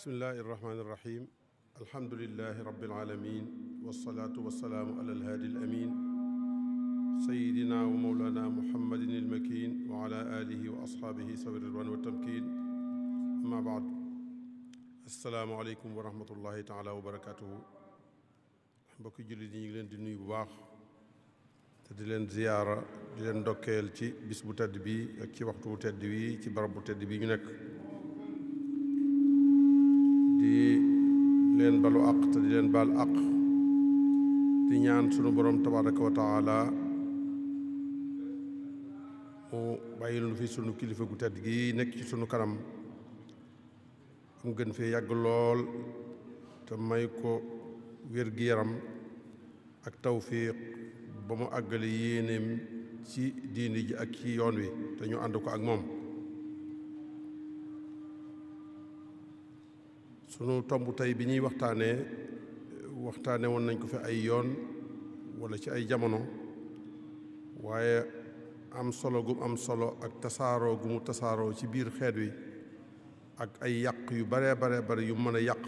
bismillahi irrahmani irrahim alhamdulilahi rabilalamin walsalaatu walsalaamu ala alhaadi alamin sayidina wa mawlana muhammadin ilmakin wa ala alihi wa asxaabihi sawi ridwan wa tamkin amma baad assalaamu aleykum wa rahmatullahi taala wa barakatuhu mbokki jullit yi ñu ngi leen di nuyu bu baax te di leen ziyaara di leen ndokkeel ci bis bu tedd bi ak ci waxtu bu tedd wi ci barab bu tedd bi ñu nekk leen balu àq te di leen baal àq di ñaan sunu borom tabaraka wa taala mu bàyyi lu fi sunu kilifa gu tedd gi nekk ci sunu kanam mu gën fee yàgg lool te may ko wér-gi-yaram ak tawfiq ba mu àggale yéeneem ci diini ji ak ci yoon wi te ñu ànd ko ak moom sunu tomb tey bi ñuy waxtaanee waxtaane woon nañ ko fi ay yoon wala ci ay jamono waaye am solo gu am solo ak tasaaroo gu mu tasaaroo ci biir xeet wi ak ay yàq yu baree baree bare yu mën a yàq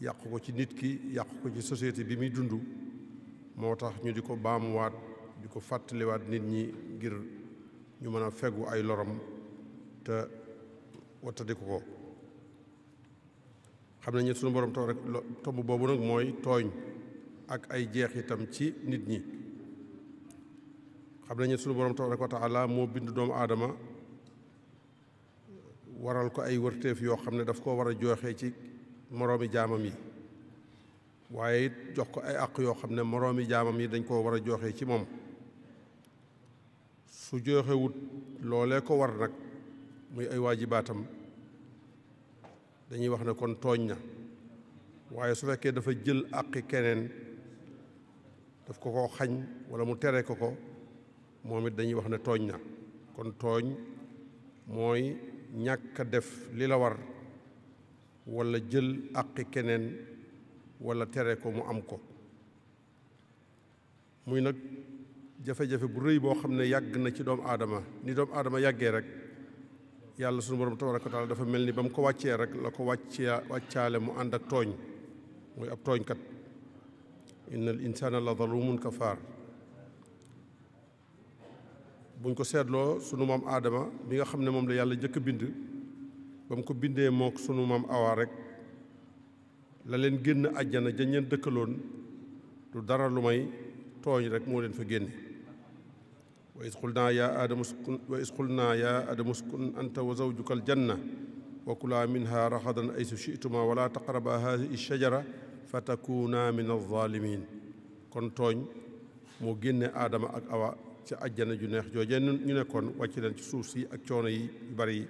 yàq ko ci nit ki yàq ko ci société bi muy dund moo tax ñu di ko baamuwaat di ko fàttaliwaat nit ñi ngir ñu mën a fegu ay lorom te wattadi ko ko xam nañ ne sunu borom toog rek tomb boobu nag mooy tooñ ak ay jeexitam ci nit ñi xam nañ ne sunu borom tabaraka wa taala moo bind doomu aadama waral ko ay wërteef yoo xam ne daf ko war a jooxee ci moroomi jaamam yi waaye it jox ko ay àq yoo xam ne moroomi jaamam yi dañ koo war a jooxee ci moom su jooxewut loolee ko war nag muy ay waajibaatam dañuy wax ne kon tooñ na waaye su fekkee dafa jël àqi keneen daf ko ko xañ wala mu tere ko ko moom it dañuy wax ne tooñ na kon tooñ mooy ñàkk def li la war walla jël àqi keneen wala tere ko mu am ko muy nag jafe-jafe bu rëy boo xam ne yàgg na ci doomu aadama ni doomu aadama yàggee rek yàlla sunu borom tabaraka wa taala dafa mel ni ba mu ko wàccee rek la ko wàccee wàccaale mu ànd ak tooñ mooy ab tooñkat inna al lu la zalumun kafaar buñ ko seetloo sunu maam aadama bi nga xam ne moom la yàlla njëkk a bind ba mu ko bindee mook sunu maam awaa rek la leen génn àjjana jañ dëkkaloon lu dara lu may tooñ rek moo leen fa génne wa is qulnaa yaa aadamu skun wa is qulnaa yaa aadamu skun anta wa zawjuka aljanna wa kulaa minha raxadan aysu shituma shajara fa takuuna min alzaalimin kon tooñ moo génne adama ak awa ci àjjana ju neex jooje ñu nekkoon wàcc leen ci suuf si ak coono yi bari yi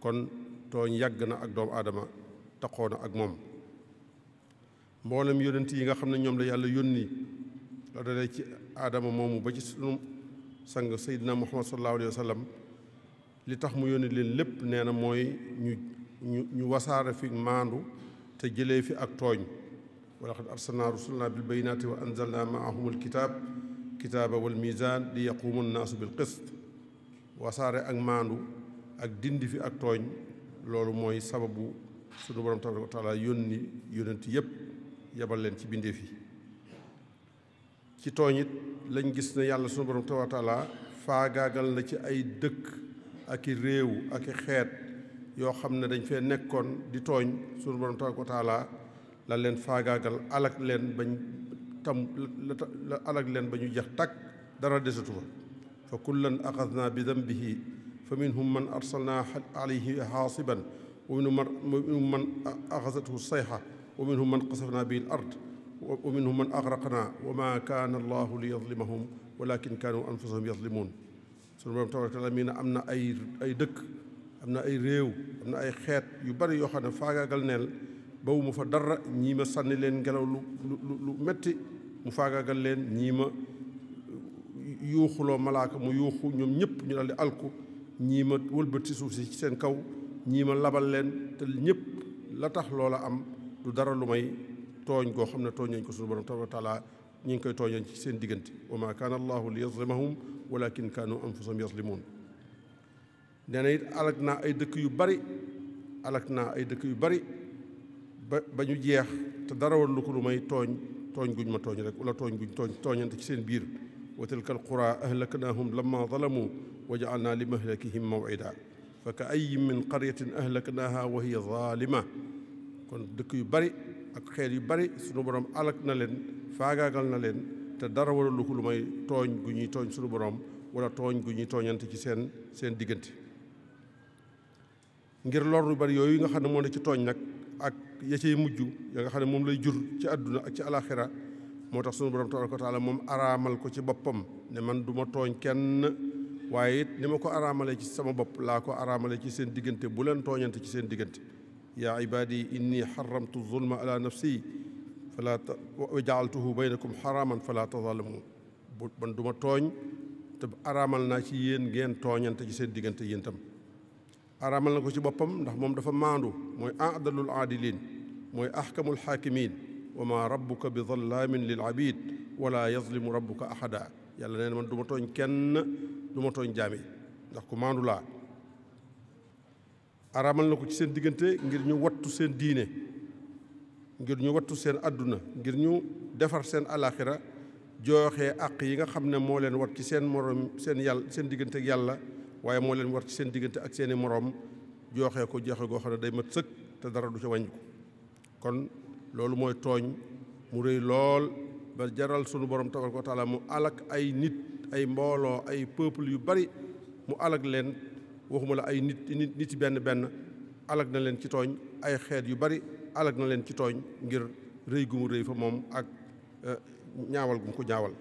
kon tooñ yàgg na ak doomu adama taxoo ak moom mboolem yónnent yi nga xam ne ñoom la yàlla yónni la ci aadama moomu ba ci sunu sang Seydina Muhammad sallallahu alayhi wa li tax mu yónni leen lépp nee na mooy ñu ñu ñu wasaare fi maandu te jëlee fi ak tooñ wa laqad arsalna rusulana bil bayyinaati wa anzalna maahum al kitaab kitaaba wal mizaan li yaquuma bil qist wasaare ak maandu ak dindi fi ak tooñ loolu mooy sababu sunu borom tabaaraka wa taala yónni yónnent yépp yebal leen ci bindéef fi ci tooñ lañ gis ne yàlla sunu borom tabaaraka taala faagaagal na ci ay dëkk ak i réew ak i xeet yoo xam ne dañ fee nekkoon di tooñ sunu borom tabaaraka taala la leen faagaagal alak leen bañ tam la alak leen ba ñu jeex takk dara desatu fa fa kullan axadna bi dambihi fa minhum man arsalna alayhi xaasiban wa minhum man axasathu sayxa wa minhum man xasafna bihi ard wa minhum man agraqna wa ma kaana allahu li yadlimahum walakin kaanu anfusahum yadlimuun sunu borom tabaraka taala mii ne am na ay ay dëkk am na ay réew am na ay xeet yu bari yoo xam ne faagaagal neel bawu fa dara ñii ma sànni leen ngelaw lu lu metti mu faagaagal leen ñii ma yuuxuloo malaaka mu yuuxu ñoom ñëpp ñu daal di alku ñii ma wëlbati suuf si ci seen kaw ñii ma labal leen te ñëpp la tax loola am du dara lu may tooñ goo xam ne tooñ nañ ko suñu borom tabaraka taala ñi ngi koy tooñañ ci seen diggante wa ma kaana allahu li yazlimahum walakin kaanu anfusahum yazlimuun nee na it alak naa ay dëkk yu bari alak naa ay dëkk yu bari ba ba ñu jeex te dara war lu ko lu may tooñ tooñ guñ ma tooñ rek wala tooñ guñ tooñ tooñante ci seen biir wa tilka alqura ahlaknaahum lamma zalamu wa jaalnaa li mahlakihim mawida fa ka ayin min qaryatin ahlaknaaha wa hiya zaalima kon dëkk yu bari ak xeet yu bari sunu borom alak na leen faagaagal na leen te dara waralu ko lu may tooñ gu ñuy tooñ sunu borom wala tooñ gu ñuy tooñante ci seen seen diggante ngir lor lu bari yooyu nga xam ne moo ne ci tooñ nag ak ya cay mujj ya nga xam ne moom lay jur ci àdduna ak ci alaxira moo tax sunu borom tabaraka wa taala moom araamal ko ci boppam ne man du ma tooñ kenn waaye it ni ma ko araamalee ci sama bopp laa ko araamalee ci seen diggante bu leen tooñante ci seen diggante yaa ibaadi inni xaramtu zulma ala nafsi fala wa jaaltuhu baynakum xaraaman fala tazalamu bu man du ma tooñ te araamal naa ci yéen ngeen tooñante ci seen diggante yéen tam araamal na ko ci boppam ndax moom dafa maandu mooy aadalul aadiliin mooy axkamul xaakimiin wa ma rabbuka bi zallaamin lil abid wala yazlimu rabbuka ahada yàlla nee na man du ma tooñ kenn du ma tooñ jaami ndax ku maandu laa araamal na ko ci seen diggante ngir ñu wattu seen diine ngir ñu wattu seen àdduna ngir ñu defar seen alaxira jooxee àq yi nga xam ne moo leen wat ci seen moroom seen yàlla seen diggante ak yàlla waaye moo leen wat ci seen diggante ak seeni moroom jooxee ko joxe goo xam ne day mat sëkk te dara du ca wàññi ko kon loolu mooy tooñ mu rëy lool ba jaral sunu borom tabaraka wa taala mu alak ay nit ay mbooloo ay peuple yu bari mu alak leen waxuma la ay nit nit nit ci benn benn alag na leen ci tooñ ay xeet yu bari alag na leen ci tooñ ngir rëy gu mu rëy fa moom ak eh, ñaawal gu mu ko ñaawal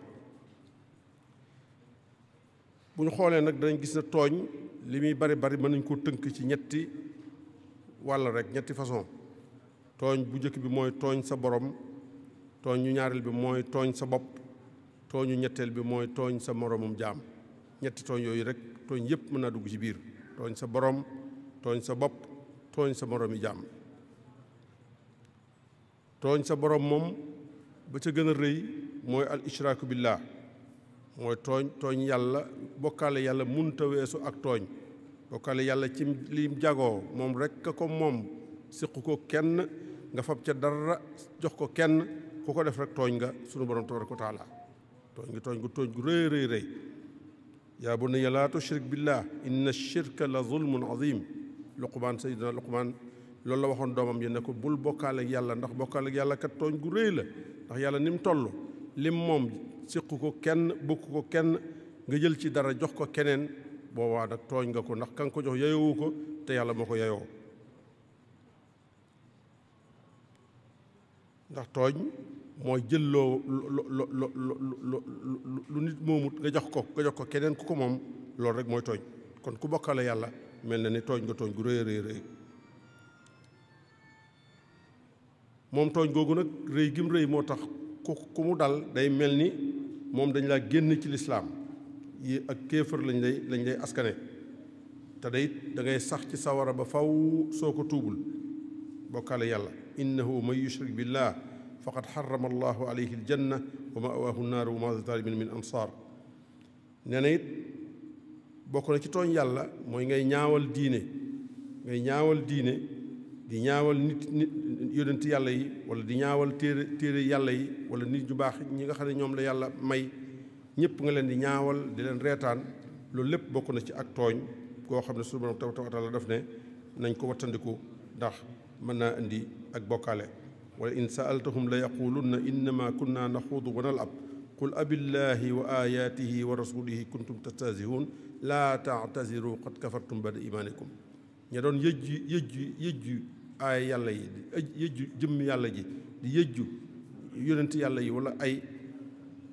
bu ñu xoolee nag dañ gis na tooñ li muy bari bari mën nañ koo tënk ci ñetti wàll rek ñetti façon tooñ bu njëkk bi mooy tooñ sa borom tooñ ñu ñaareel bi mooy tooñ sa bopp tooñu ñetteel bi mooy tooñ sa moromum jaam ñetti tooñ yooyu rek tooñ yépp mën naa dugg ci biir tooñ sa boroom tooñ sa bopp tooñ sa moromi jàmm tooñ sa boroom moom ba ca gën a rëy mooy al ishraaku billah mooy tooñ tooñ yàlla bokkaale yàlla mun weesu ak tooñ bokkaale yàlla ci lim jagoo moom rekk ko moom siqu ko kenn nga fab ca dara jox ko kenn ku ko def rek tooñ nga sunu borom tabaraka wa taala tooñ nga tooñ gu tooñ gu rëy rëy rëy yaa bunayya laa tushrik billah inna shirka la zulmun azim luqmaan sayyidina luqmaan loolu la waxoon doomam yi ne ko bul bokkaale yàlla ndax bokkaale ak yàlla kat tooñ gu réy la ndax yàlla ni mu toll lim moom siq ko kenn bukk ko kenn nga jël ci dara jox ko keneen boobaa nag tooñ nga ko ndax ka ko jox yayoowu ko te yàlla moo ko yayoo ndax tooñ mooy jël loo lu nit moomut nga jox ko nga jox ko keneen ku ko moom loolu rek mooy tooñ kon ku bokkale yàlla mel na ni tooñ nga tooñ gu rëy rëy moom tooñ googu nag rëy gim rëy moo tax ku ku mu dal day mel ni moom dañ laa génn ci lislaam yi ak kéefër lañ lay lañ lay askane te day dangay sax ci sawara ba faw soo ko tuubul bokkale yàlla innahu man yushrik billah faqad xarama allahu alayhi aljanna wa mawaahu naaru wa ma zalimin min ansaar nee na it bokk na ci tooñ yàlla mooy ngay ñaawal diine ngay ñaawal diine di ñaawal nit nit yonent yàlla yi wala di ñaawal téere téere yàlla yi wala nit ñu baax ñi nga xam ne ñoom la yàlla may ñëpp nga leen di ñaawal di leen reetaan loolu lépp bokk na ci ak tooñ koo xam ne suñu borom taw taw daf ne nañ ko wattandiku ndax mën naa indi ak bokkaale wa in saaltahum la na innama kunna naxuudu wa nalab qul abillahi wa ayaatihi wa rasulihi kuntum tastahzi'un laa taatasiru qad kafartum bada imaanikum ña doon yëjju yëjju yëjju yàlla yi di ji di yàlla yi ay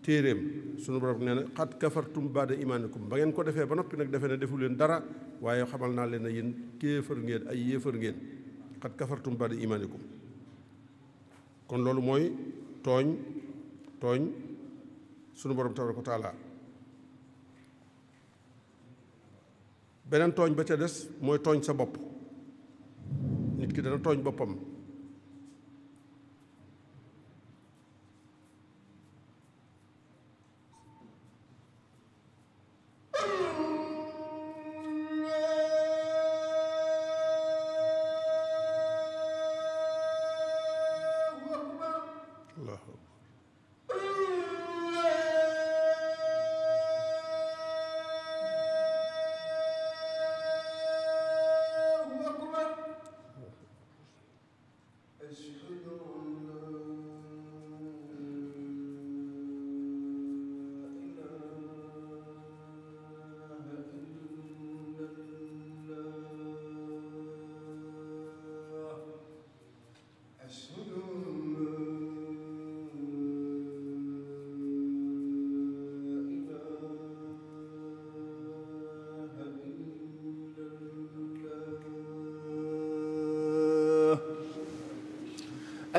téeréem sunu borom nee na xat kafartum baada imaanikum ba ngeen ko defee ba noppi nag defee ne defu leen dara waaye xamal naa leen ne yéen kéefër ngeen ay yéefër ngeen xat kafartum baada imaanikum kon loolu mooy tooñ tooñ sunu borom tabaraka wa beneen tooñ ba ca des mooy tooñ sa bopp nit ki dana tooñ boppam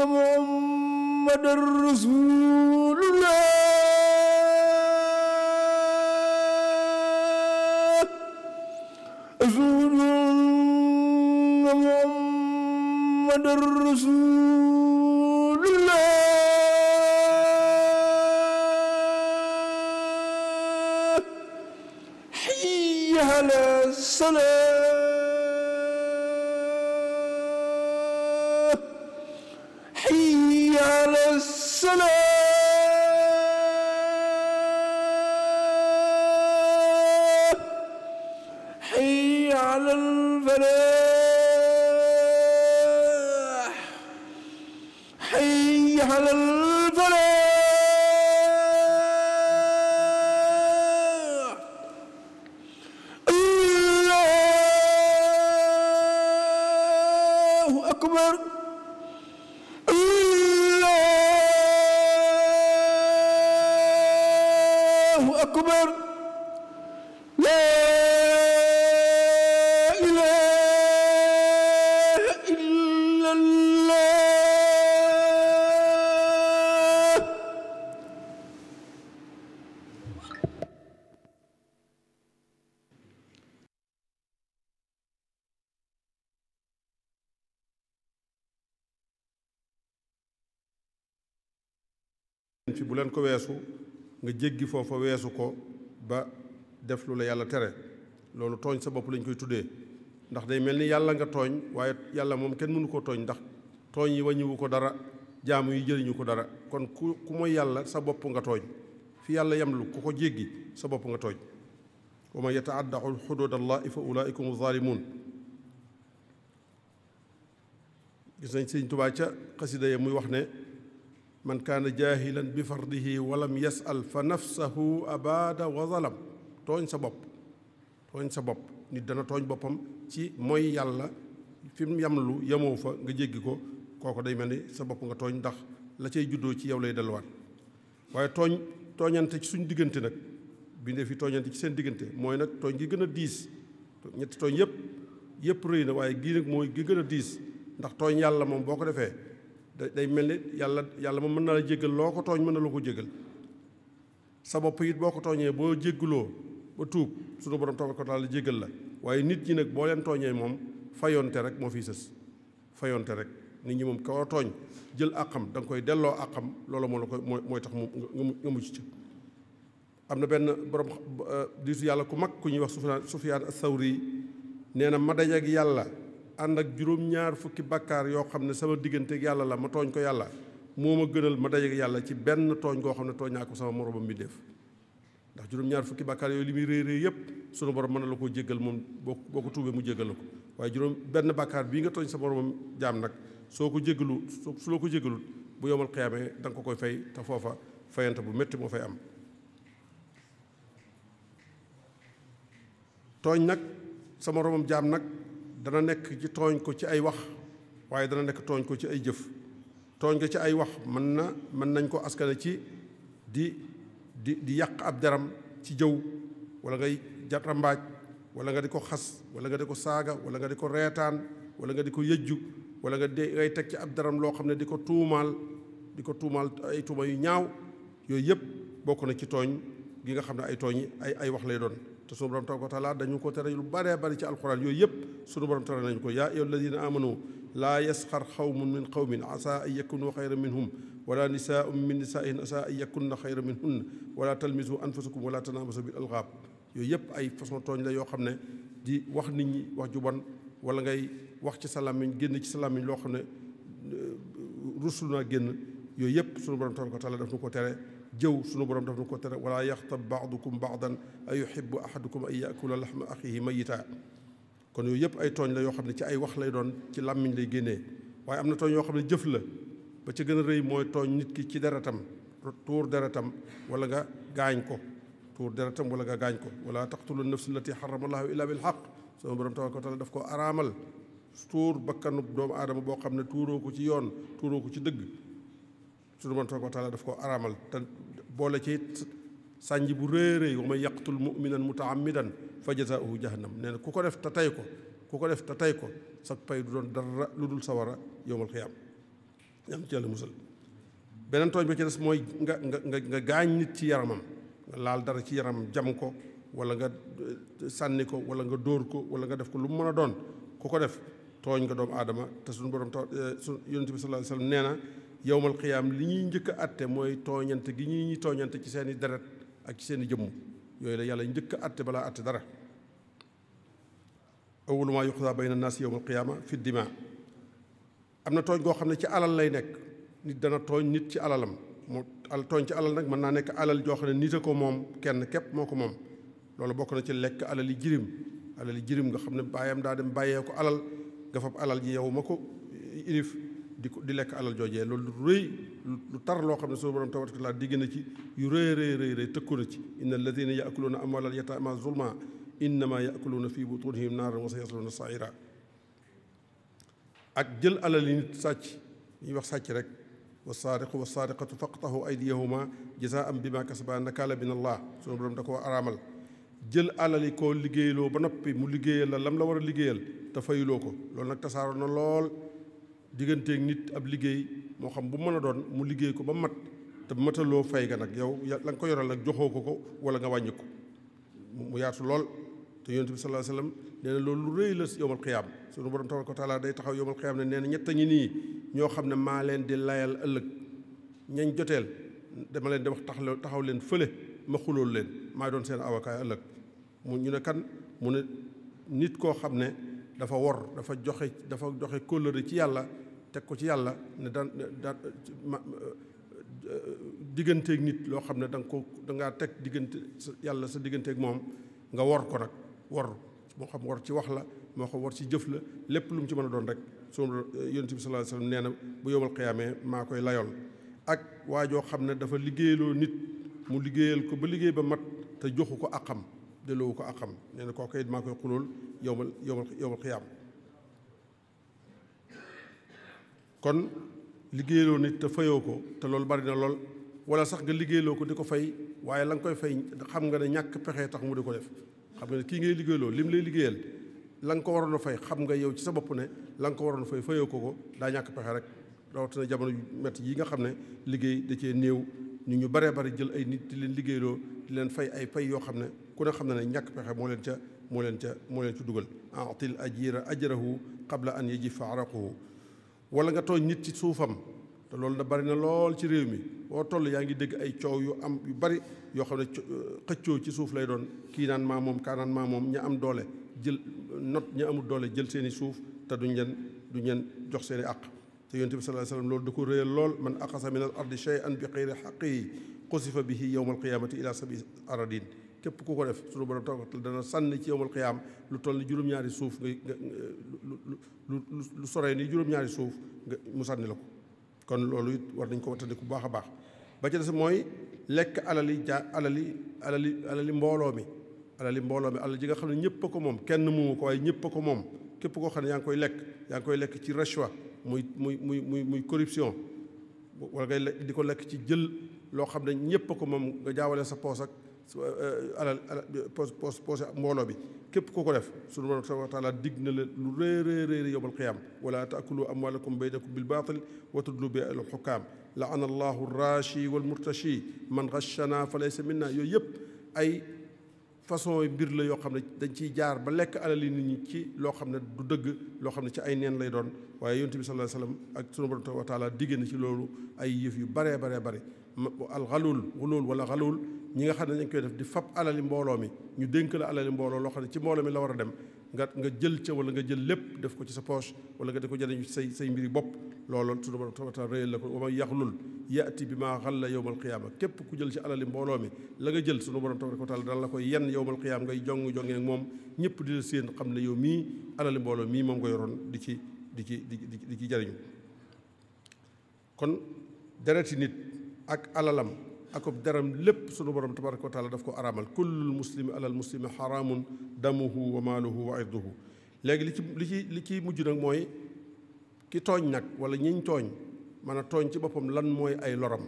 nga Muhammadur Rasulullah leen ko weesu nga jéggi foofa weesu ko ba def lu la yàlla tere loolu tooñ sa bopp lañ koy tuddee ndax day mel ni yàlla nga tooñ waaye yàlla moom kenn mënu ko tooñ ndax tooñ yi wàññiwu ko dara jaamu yi jëriñu ko dara kon ku ku mooy yàlla sa bopp nga tooñ fi yàlla yemlu ku ko jéggi sa bopp nga tooñ wa man yataadda xuduud allahi fa ulaika hum zaalimuun gis nañ sëñ Tubaa ca xasida ya muy wax ne man kaana jaahilan bi fardihi walam yasal fa nafsahu abaada wa zalam tooñ sa bopp tooñ sa bopp nit dana tooñ boppam ci mooy yàlla fi mu yamlu yemoo fa nga jéggi ko kooku day mel ni sa bopp nga tooñ ndax la cay juddoo ci yow lay delluwaat waaye tooñ tooñante ci suñu diggante nag bindee fi tooñante ci seen diggante mooy nag tooñ gi gën a diis ñetti tooñ yëpp yëpp rëy na waaye gii nag mooy gi gën a diis ndax tooñ yàlla moom boo ko defee day mel ni yàlla yàlla moom mën na la jéggal loo ko tooñ mën na la ko jéggal sa bopp it boo ko tooñee boo jégguloo ba tuub sunu borom tabaraka taala jéggal la waaye nit ñi nag boo leen tooñee moom fayonte rek moo fiy sës fayoonte rek nit ñi moom koo tooñ jël àqam da nga koy delloo àqam loolu moo la ko mooy mooy tax mu nga mucc ci am na benn borom diisu yàlla ku mag ku ñuy wax Sufyaan Sufyaan as-Sawri nee na ma dajeek yàlla ànd ak juróom-ñaar fukki bàkkaar yoo xam ne sama digganteeg yàlla la ma tooñ ko yàlla moo ma gënal ma dajeeg yàlla ci benn tooñ goo xam ne tooñ naa ko sama moromam bi def ndax juróom-ñaar fukki bàkkaar li muy réy réy yépp sunu borom koo jéggal moom boo ko tuubee mu jéggal la ko waaye juróom benn bàkkaar bii nga tooñ sa moromam jaam nag soo ko jéggalu su la bu yomal xiyamee da nga ko koy fay te foofa fayante bu métti moo fay am tooñ nag jaam nag dana nekk ci tooñ ko ci ay wax waaye dana nekk tooñ ko ci ay jëf tooñ ko ci ay wax mën na mën nañ ko askane ci di di di yàq ab deram ci jëw wala ngay jatambaaj wala nga di ko xas wala nga di ko saaga wala nga di ko reetaan wala nga di ko yëjju wala nga di ngay teg ci ab deram loo xam ne di ko tuumaal di ko tuumaal ay tuuma yu ñaaw yooyu yëpp bokk na ci tooñ gi nga xam ne ay tooñ ay ay wax lay doon te suñu borom tabaraka wa taala dañu ko tere lu baree bari ci alquran yooyu yëpp suñu borom tere nañu ko yaa ayyuha alladina amanu laa yasxar xawmun min xawmin asa an yakunu xayra minhum wala nisaun min nisaihin asa an yakunna xayra minhunna wala talmisu anfusakum wala tanabasu bil algaab yooyu yëpp ay façon tooñ la yoo xam ne di wax nit ñi wax ju bon wala ngay wax ci sa làmmiñ génn ci sa làmmiñ loo xam ne euh, rusul naa génn yooyu yëpp suñu borom tabaraka wa taala daf nu ko tere jëw sunu borom daf nu ko tere wala yaxtab baadukum baadan ay yuhibbu ahadukum ay yakula laxma axihi mayita kon yooyu yëpp ay tooñ la yoo xam ne ci ay wax lay doon ci làmmiñ lay génnee waaye am na yoo xam ne jëf la ba ci gën a rëy mooy tooñ nit ki ci deretam tuur deretam wala nga gaañ ko tuur deretam wala nga gaañ ko wala taqtulu nafs allati xarama allahu illa bil xaq sunu borom tabaraka wa taala daf ko araamal tuur bakkanu doomu aadama boo xam ne tuuroo ko ci yoon tuuroo ko ci dëgg suñu borom tabaraka wa taala daf ko araamal te boole ci sànji bu rëy rëy wa man yaqtul muminan mutaamidan fa jazaauhu jahannam nee na ku ko def te tey ko ku ko def te tey ko sa pay du doon dara lu dul sawara yowmal xiyaam ñam ci yàlla musal beneen tooñ ba ci des mooy nga nga nga nga gaañ nit ci yaramam nga laal dara ci yaramam jam ko wala nga eh, sànni ko wala nga dóor ko wala nga def ko lu mu mën a doon ku ko def tooñ nga doomu aadama te suñu borom ta eh, su yonent bi sallallahu alayhi wasallam nee na yowmal xiyaam li ñuy njëkk a atte mooy tooñante gi ñuy ñu tooñante ci seeni deret ak ci seeni jëmm yooyu la yàlla njëkk a atte balaa atte dara awwalu maa yuqdaa bayna naas yowmal qiyaama fi dima am na tooñ goo xam ne ci alal lay nekk nit dana tooñ nit ci alalam mu al tooñ ci alal nag mën naa nekk alal joo xam ne nit a ko moom kenn képp moo ko moom loolu bokk na ci lekk alali jirim alali jirim nga xam ne baayam daa dem bàyyee ko alal nga fab alal ji yow ma ko eh, di ko di lekk alal joojee loolu lu rëy lu tar loo xam ne suñu borom tabaraka taala digg na ci yu rëy rëy rëy rëy tëkku na ci inna alladina yaakuluuna amwaal al yataama zulma innama yaakuluuna fi sa yasluuna saira ak jël alal yi nit sàcc ñuy wax sàcc rek wa saariqu wa saariqatu faqtahu aydiyahuma jazaan ma kasaba nakaala min allah suñu borom da ko araamal jël alal yi koo liggéeyloo ba noppi mu liggéeyal la lam la war a liggéeyal te fayuloo ko loolu nag tasaaroo lool digganteeg nit ab liggéey moo xam bu mën a doon mu liggéey ko ba mat te mataloo fay ga nag yow la nga ko yoral nag joxoo ko ko wala nga wàññi ko mu yaatu lool te yonent bi sallallahu alayhi wasallam nee na loolu lu rëy la yowmal xiyaam sunu borom tabaraka wa taala day taxaw yowmal xiyaam ne nee na ñett nii ñoo xam ne maa leen di layal ëllëg ñañ joteel dama leen di wax taxaw taxaw leen fële ma xulool leen maa doon seen avocat ëllëg mu ñu ne kan mu ne nit koo xam ne dafa wor dafa joxe dafa joxe kóllëre ci yàlla teg ko ci yàlla ne daan daan digganteeg nit loo xam ne danga ko da ngaa teg diggante yàlla sa digganteek moom nga wor ko nag wor moo xam wor ci wax la moo xam wor ci jëf la lépp lu mu ci mën a doon rek su yonent bi sallallahu alayhi wasallam nee na bu yowmal qiyaamee maa koy layoon ak waa joo xam ne dafa liggéeyloo nit mu liggéeyal ko ba liggéey ba mat te joxu ko àqam delloowu ko ak xam nee na kooku it maa koy xulool yow yow yowmal xiyaam kon liggéeyloo nit te fayoo ko te loolu bari na lool wala sax nga liggéeyloo ko di ko fay waaye la nga koy fay xam nga ne ñàkk pexe tax mu di ko def xam nga ne kii ngay liggéeyloo mu lay liggéeyal la nga ko waroon a fay xam nga yow ci sa bopp ne la nga ko waroon a fay fayoo ko ko daa ñàkk pexe rek rawatina jamono métti yi nga xam ne liggéey da cee néew ñu ñu baree bari jël ay nit di leen liggéeyloo di leen fay ay fay yoo xam ne ku ne xam na ne ñàkk pexe moo leen ca moo leen ca moo leen ca dugal atil ajira ajrahu qabla an yajifa araquhu wala nga tooñ nit ci suufam te loolu da bari na lool ci réew mi boo toll yaa ngi dégg ay coow yu am yu bari yoo xam ne xëccoo ci suuf lay doon kii naan maa moom kaa naan maa moom ña am doole jël not ña amul doole jël seeni suuf te duñ leen du leen jox seeni àq te yonent bi sallallahu alayhi wasallam loolu da ko réyal lool man aqasa min al ardi shay'an bi xayri xaqihi qusifa bihi yawma alqiyamati ila sabi képp ku ko def suñu borom tawkatal dana sànni ci yowmal xiyaam lu toll ni juróom-ñaari suuf nga nga lu lu soree nii juróom-ñaari suuf nga mu sànni la ko kon loolu it war nañ ko wattandiku bu baax a baax ba ci des mooy lekk alali ja alali alali alali mbooloo mi alali mbooloo mi alal ji nga xam ne ñëpp a ko moom kenn moomu ko ñëpp a ko moom képp koo xam ne yaa ngi koy lekk yaa ngi koy lekk ci rachwa muy muy muy muy muy corruption wala ngay di ko lekk ci jël loo xam ne ñëpp a ko moom nga jaawale sa poos Euh, euh, alal poos poos mbooloo bi képp koo ko def su borom tabaaraka digg na la lu rëy rëy rëy yowmal qiyaam wala taakulu amwaalakum baynakum bil baatil wa tudlu bi al xukaam laana allahu raashi wal murtashi man ghashana fa laysa minna yooyu yëpp ay façon mbir la yoo xam ne dañ ciy jaar ba lekk yi nit ñi ci loo xam ne du dëgg loo xam ne ci ay nen lay doon waaye yonent bi sallallahu ak sunu borom tabaaraka wa taala digg na ci loolu ay yëf yu baree baree bare al xaluul xuluul ñi nga xam ne dañ koy def di fab alali mbooloo mi ñu dénk la alali mbooloo loo xam ne ci mbooloo mi la war a dem nga nga jël ca wala nga jël lépp def ko ci sa poche wala nga def ko jëriñu say say mbiri bopp looloon suñu borom tabaata réyal la ko wa man yaxlul yaati bi maa xalla yowmal qiyaama képp ku jël ci alali mbooloo mi la nga jël suñu borom tabaaraka wa taala dana la koy yenn yowmal qiyaama ngay jong jongee ak moom ñëpp di la séen xam ne yow mii alali mbooloo mii moom nga yoroon di ci di ci di di ci jëriñu kon dereti nit ak alalam akub deram lépp sunu borom tabaraka wa taala daf ko araamal kullul muslimi alal muslimi xaraamun damuhu wa maaluhu wa irduhu léegi li ci li ci li ci mujj nag mooy ki tooñ nag wala ñiiñ tooñ mën a tooñ ci boppam lan mooy ay loram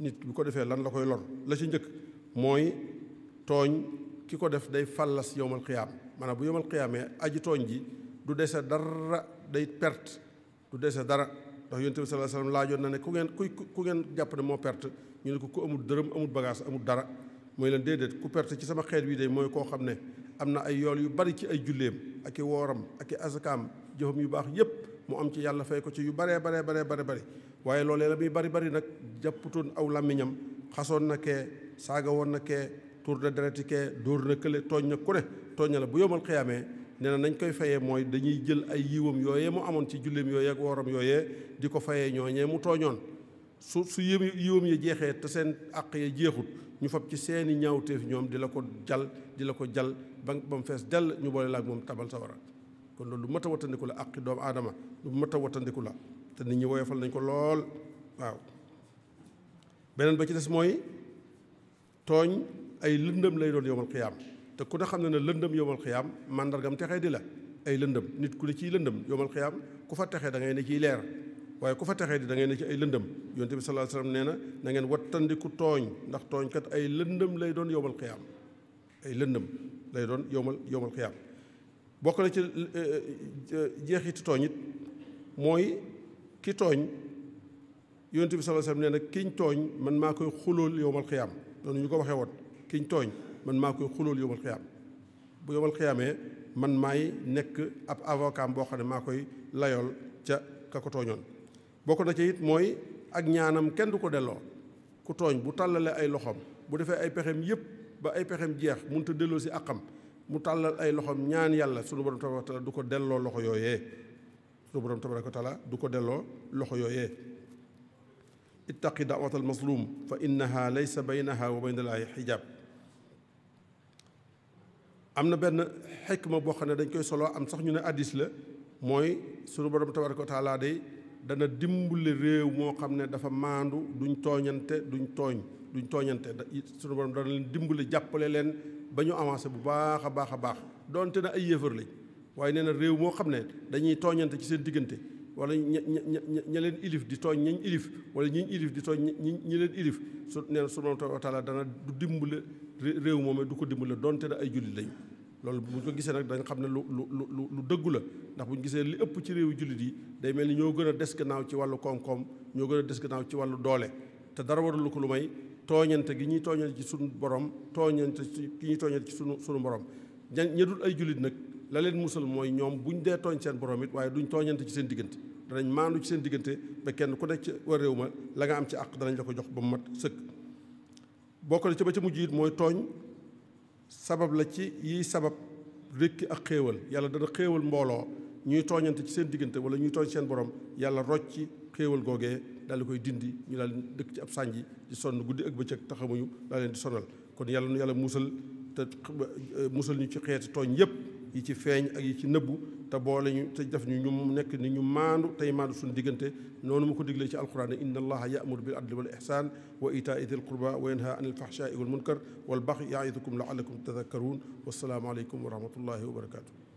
nit bu ko defee lan la koy lor la ci njëkk mooy tooñ ki ko def day fallas yowmal xiyaam maanaam bu yowmal xiyaamee aji tooñ ji du dese dara day perte du dese dara ndax yonent bi sallallahu laajoon na ne ku ngeen kuy ku ngeen jàpp ne moo perte ñu ne ko ku amul dërëm amul bagage amul dara mooy leen déedéet ku ci sama xeet wi de mooy koo xam ne am na ay yool yu bari ci ay julleem ak i wooram ak i asakaam jëfam yu baax yépp mu am ci yàlla fay ko ci yu baree baree baree bare bari waaye loolee la muy bari bari nag jàpputoon aw làmmiñam xasoon na kee saaga woon na kee tour de dereti kee dóor na kële tooñ na ku ne tooñ na la bu yomal xiyaamee nee na nañ koy fayee mooy dañuy jël ay yiwam yooyee mu amoon ci julleem yooyee ak wooram yooyee di ko fayee ñooñee mu tooñoon su su yëm yiwam ya jeexee te seen àq ya jeexut ñu fab ci seeni ñaawteef ñoom di la ko jal di la ko jal ba ba fees dell ñu boole la ak moom tabal sawara kon loolu lu mat a wattandiku la àqi doomu aadama lu mat a wattandiku la te nit ñi woyofal nañ ko lool waaw beneen ba ci des mooy tooñ ay lëndëm lay doon yomal xiyaam te ku ne xam ne ne lëndëm yomal xiyaam màndargam texe di la ay lëndëm nit ku ne ciy lëndëm yomal xiyaam ku fa texee da ngay ne leer waaye ku fa texee di dangeen ngay ci ay lëndëm yonte bi sallallahu alayhi wasallam nee na na ngeen wattandiku tooñ ndax tooñkat ay lëndëm lay doon yowmal xiyaam ay lëndëm lay doon yowmal yowmal xiyaam bokk na ci eh, eh, jeexiti tooñ it mooy ki tooñ yonte bi sallallahu alayhi wasallam nee kiñ tooñ man maa koy xulool yowmal xiyaam noonu ñu ko waxee woon kiñ tooñ man maa koy xulool yowmal xiyaam bu yowmal xiyaamee man maay nekk ab avocat boo xam ne maa koy layool ca ka ko tooñoon bokk na ci it mooy ak ñaanam kenn du ko delloo ku tooñ bu tàllalee ay loxoom bu defee ay pexem yépp ba ay pexem jeex mënut a delloo si àqam mu tàllal ay loxoom ñaan yàlla sunu borom tabaraka du ko delloo loxo yooyee sunu borom tabaraka taala du ko delloo loxo yooyee ittaqi daawat al mazlum fa innaha laysa baynaha wa bayna laahi xijaab am na benn ma boo xam ne dañ koy solo am sax ñu ne addis la mooy sunu borom tabaraka taala dana dimbali réew moo xam ne dafa maandu duñ tooñante duñ tooñ duñ tooñante suñu borom dana leen jàppale leen ba ñu avancé bu baax a baax a baax doonte na ay yéefar lañ waaye nee na réew moo xam ne dañuy tooñante ci seen diggante wala ña ña leen ilif di tooñ ñañ ilif wala ñiñ ilif di tooñ ñi leen ilif su nee na dana du dimbali réew moom du ko dimbali doonte na ay jullit lañ loolu bu ñu ko gisee nag da nga xam ne lu lu lu lu dëggu la ndax bu ñu gisee li ëpp ci réew jullit yi day mel ni ñoo gën a des gannaaw ci wàllu koom-koom ñoo gën a des gannaaw ci wàllu doole te dara warulu ko lu may tooñante gi ñuy tooñante ci sunu borom tooñante ci gi ñuy tooñante ci sunu sunu borom ña dul ay jullit nag la leen musal mooy ñoom buñ dee tooñ seen borom it waaye duñ tooñante ci seen diggante danañ maandu ci seen diggante ba kenn ku nekk ci war réew ma la am ci àq danañ la ko ba mu mat sëkk bokk ci ba ca mujj mooy tooñ sabab la ci yiy sabab rékki ak xéewal yàlla dana xéewal mbooloo ñuy tooñante ci seen diggante wala ñuy tooñ seen borom yàlla ci xéewal googee daal koy dindi ñu daal dëkk ci ab sànji di sonn guddi ak bëccëg taxamuñu daa leen di sonal kon yàlla nu yàlla musal te musal ñu ci xeeti tooñ yépp yi ci feeñ ak yi ci nëbbu te boole ñu te def ñu ñu nekk ni ñu maandu tey maandu suñu diggante noonu mu ko diglee ci alquran inna allaha ya'muru bil adli wal ihsan wa itaai dil qurba wa yanha anil fahshai wal munkar wal baxi ya'idukum la'allakum tadhakkarun wassalaamu aleykum wa rahmatullahi wa barakatuh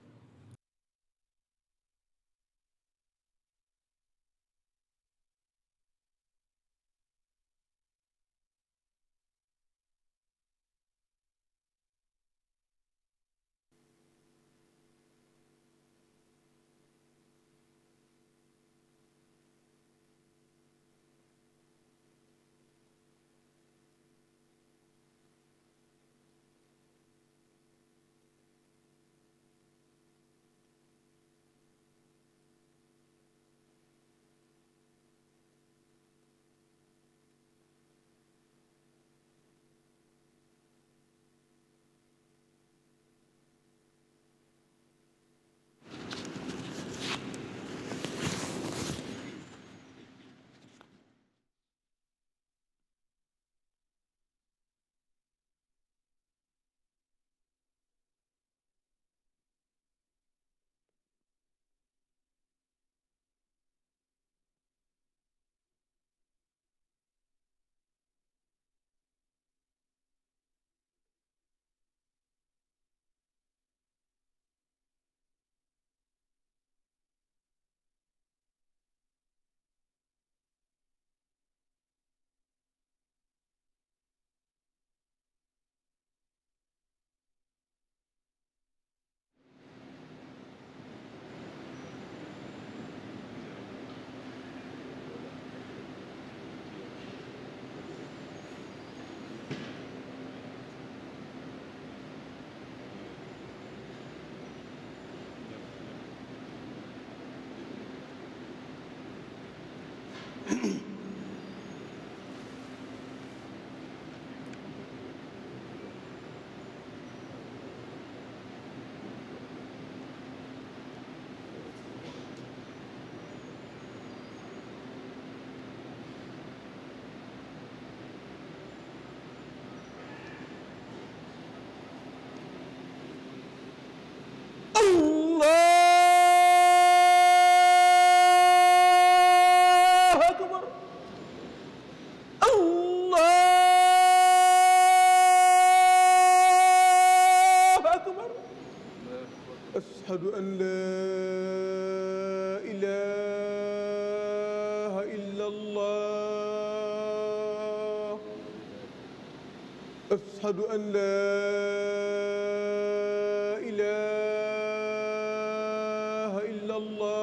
ashhadu an laa ilaaha illa allah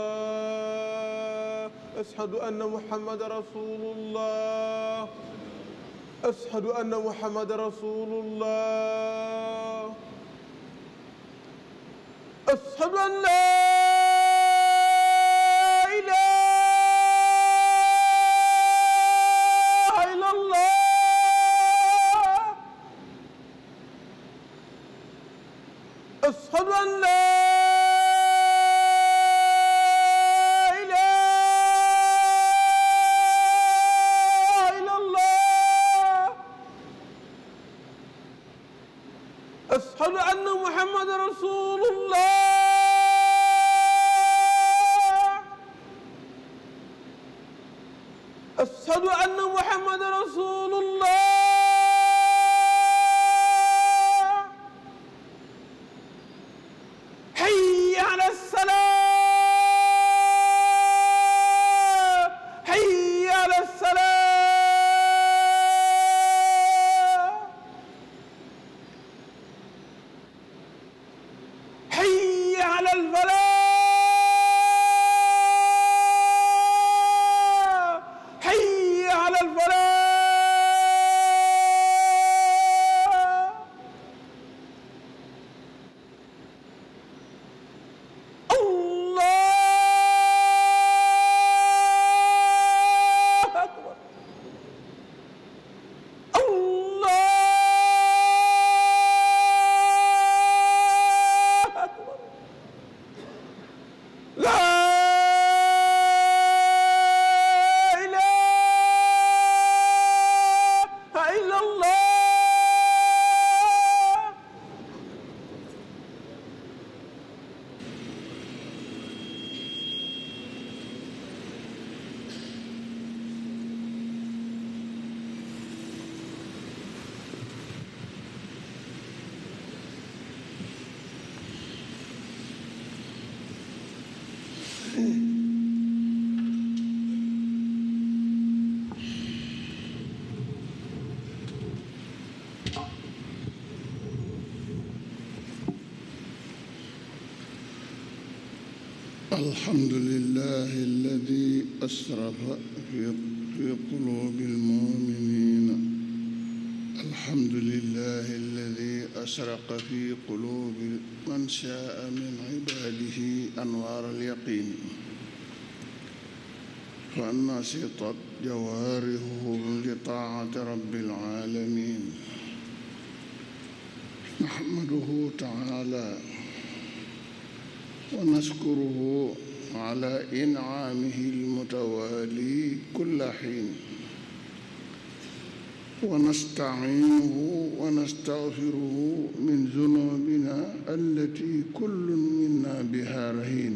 ashhadu anna muhammadan rasulullah ashhadu anna muhammadan rasulullah ashhadu an laa الحمد لله الذي أسرف في قلوب المؤمنين الحمد لله الذي أشرق في قلوب من شاء من عباده أنوار اليقين فأن شطت جوارحهم لطاعة رب العالمين نحمده تعالى ونشكره على إنعامه المتوالي كل حين ونستعينه ونستغفره من ذنوبنا التي كل منا بها رهين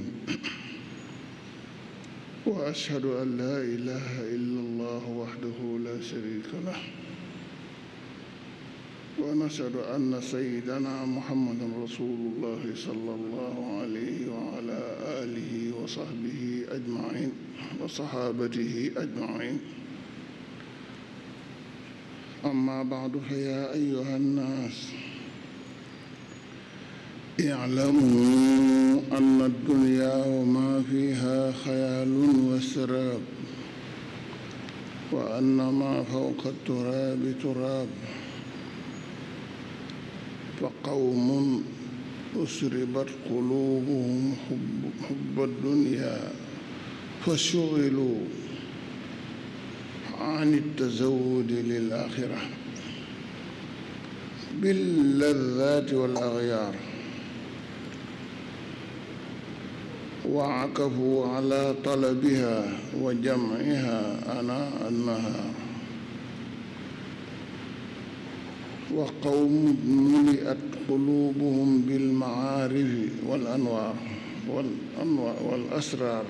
وأشهد أن لا إله إلا الله وحده لا شريك له ونشهد أن سيدنا محمد رسول الله صلى الله عليه وعلى آله وصحبه أجمعين وصحابته أجمعين أما بعد فيا أيها الناس اعلموا أن الدنيا وما فيها خيال وسراب وأن ما فوق التراب تراب fa qawmun usribat qulubuhum xubba dunya fa shugilu an tazawudi lil axira billadaati wal axyaar wa akafu ala talabiha wa jamciha ana annahaar وقوم ملئت قلوبهم بالمعارف والأنوار والأنوار والأسرار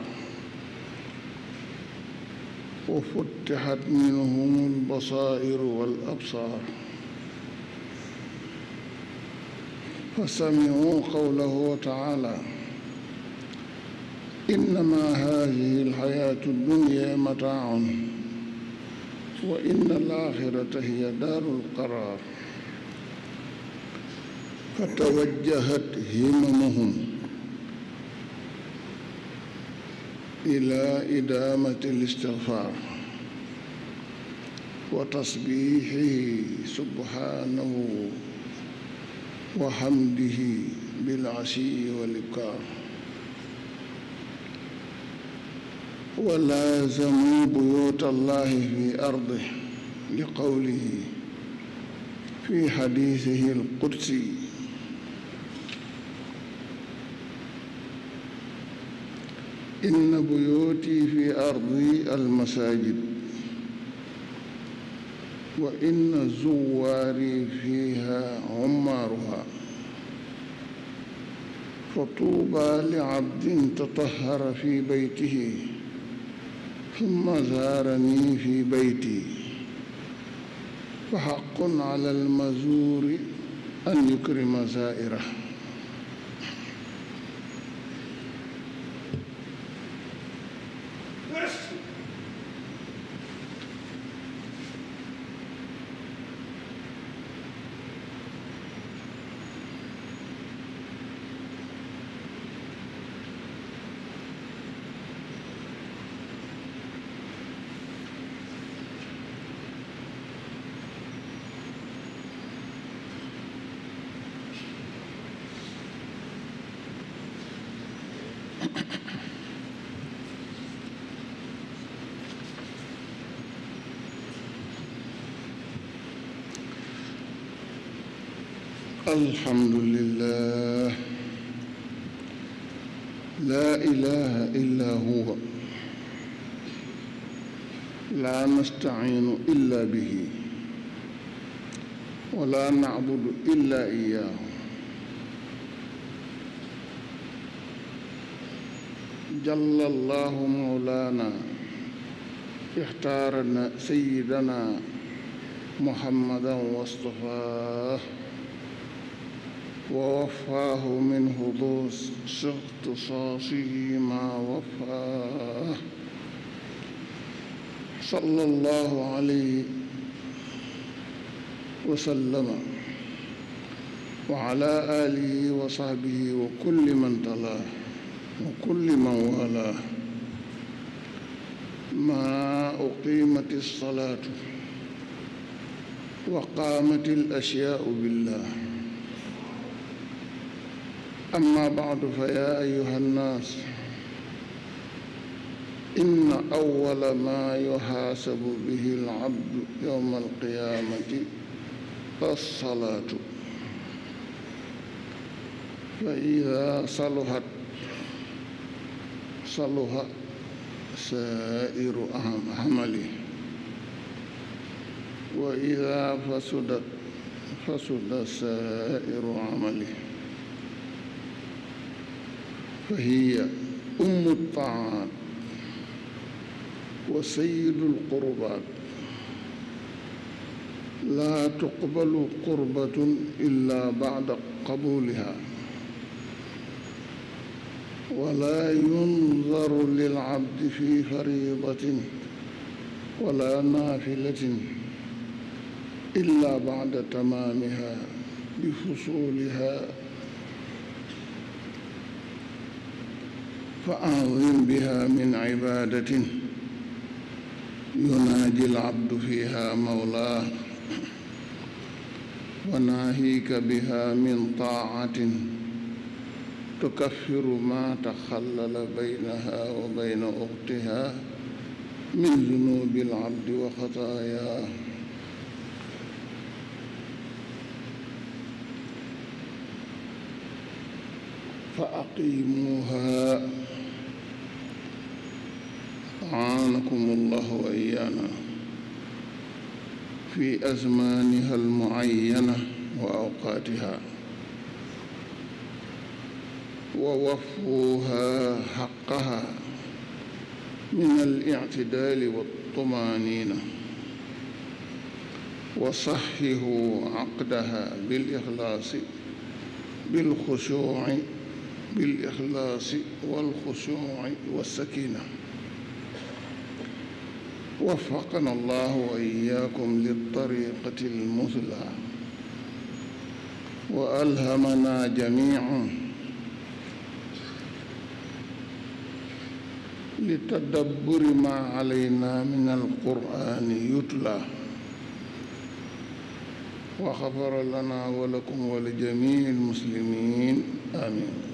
وفتحت منهم البصائر والأبصار فسمعوا قوله تعالى إنما هذه الحياة الدنيا متاع وإن الآخرة هي دار القرار فتوجهت هممهم إلى إدامة الاستغفار وتسبيحه سبحانه وحمده بالعشي والإبكار ولازموا بيوت الله في أرضه لقوله في حديثه القدسي inna buyuti fi ardi almasajid wa inna zuwaari fiha ummaaruha fa tuuba li abdin tatahara fi baytihi summa zaarani fi bayti fa xaqun ala almazuuri an yukrima zaaira الحمد لله لا إله إلا هو لا نستعين إلا به ولا نعبد إلا إياه جل الله مولانا اختارنا سيدنا محمدا واصطفاه ووفاه منه ذو اختصاصه ما وفاه صلى الله عليه وسلم وعلى آله وصحبه وكل من تلاه وكل من والاه ما أقيمت الصلاة وقامت الأشياء بالله أما بعد فيا أيها الناس إن أول ما يحاسب به العبد يوم القيامة الصلاة فإذا صلحت صلح سائر عمله وإذا فسدت فسد سائر عمله فهي أم الطاعات وسيد القربات لا تقبل قربة إلا بعد قبولها ولا ينظر للعبد في فريضة ولا نافلة إلا بعد تمامها بفصولها فأعظم بها من عبادة يناجي العبد فيها مولاه وناهيك بها من طاعة تكفر ما تخلل بينها وبين أختها من ذنوب العبد وخطاياه fa aqimuuha aanakum allahu wa iyaana fi azmaaniha almuayyana wa awqaatiha wa wafuuha xaqaha min al-i'tidaali wat-tumaaniina wa saxxihu aqdaha bil-ixlaasi bil-xushuuci بالإخلاص والخشوع والسكينة وفقنا الله وإياكم للطريقة المثلى وألهمنا جميعا لتدبر ما علينا من القرآن يتلى وغفر لنا ولكم ولجميع المسلمين آمين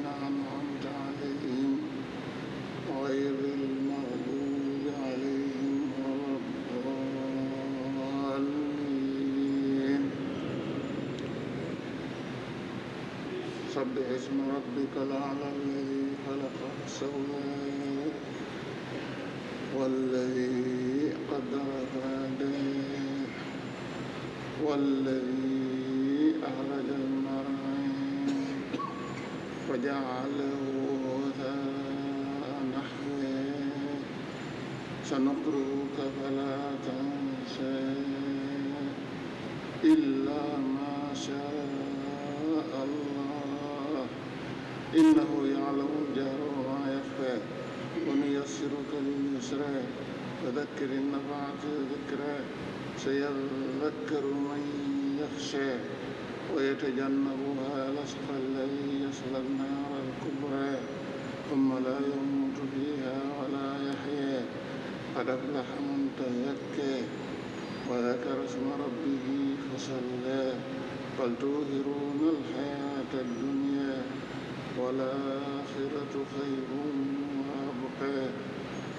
سبح اسم ربك الأعلى الذي خلق فسوى والذي قدر فهدى والذي أخرج المرعى وجعله غثاء نحوه سنقرئك فلا تنسى إلا ما شاء إنه يعلم الجهر وما يخفى ونيسرك لليسرى فذكر النفعة ذكرى سيذكر من يخشى ويتجنبها الأشقى الذي يصلى النار الكبرى ثم لا يموت فيها ولا يحيا قد أفلح من تزكى وذكر اسم ربه فصلى بل توهرون الحياة الدنيا والآخرة خير وأبقى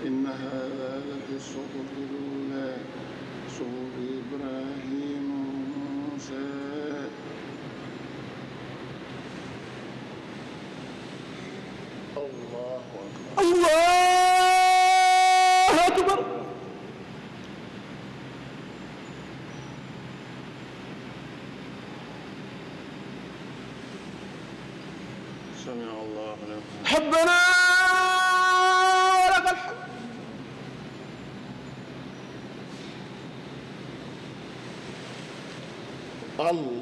إن هذا الصحف الأولى صحف إبراهيم وموسى الله أكبر الله حبنا لك الحمد الله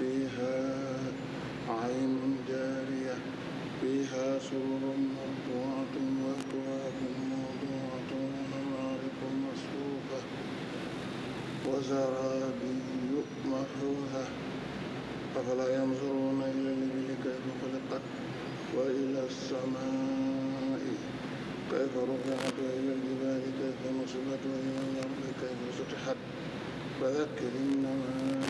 فيها عين جارية فيها سرر مرفوعة وأكواب موضوعة ونمارق مصفوفة وزرابي مبثوثة أفلا ينظرون إلى الإبل كيف خلقت وإلى السماء كيف رفعت وإلى الجبال كيف نصبت وإلى الأرض كيف سطحت فذكر إنما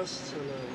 honest and uh,